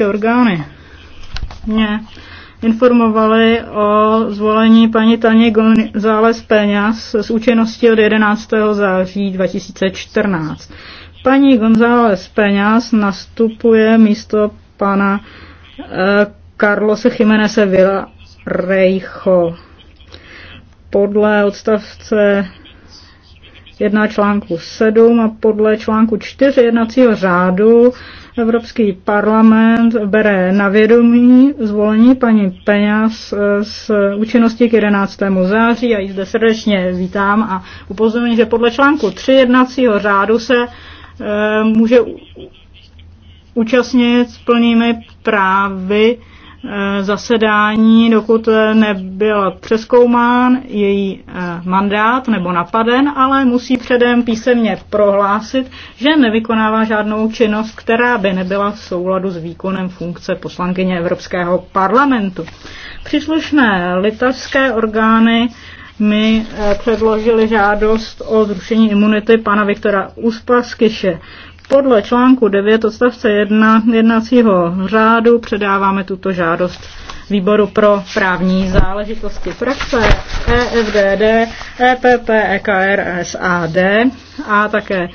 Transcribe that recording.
turecké orgány. Mě informovali o zvolení paní Taně González Peňas s účinností od 11. září 2014. Paní González Peňas nastupuje místo pana eh, Carlose Vila Rejcho. Podle odstavce 1 článku 7 a podle článku 4 jednacího řádu Evropský parlament bere na vědomí zvolení paní Peňas s eh, účinností k 11. září a ji zde srdečně vítám a upozorňuji, že podle článku 3 jednacího řádu se e, může účastnit s plnými právy Eh, zasedání, dokud eh, nebyl přeskoumán její eh, mandát nebo napaden, ale musí předem písemně prohlásit, že nevykonává žádnou činnost, která by nebyla v souladu s výkonem funkce poslankyně Evropského parlamentu. Příslušné litevské orgány mi předložili žádost o zrušení imunity pana Viktora Uspaskyše. Podle článku 9 odstavce 1 jednacího řádu předáváme tuto žádost výboru pro právní záležitosti frakce EFDD, EPP, EKR, SAD a také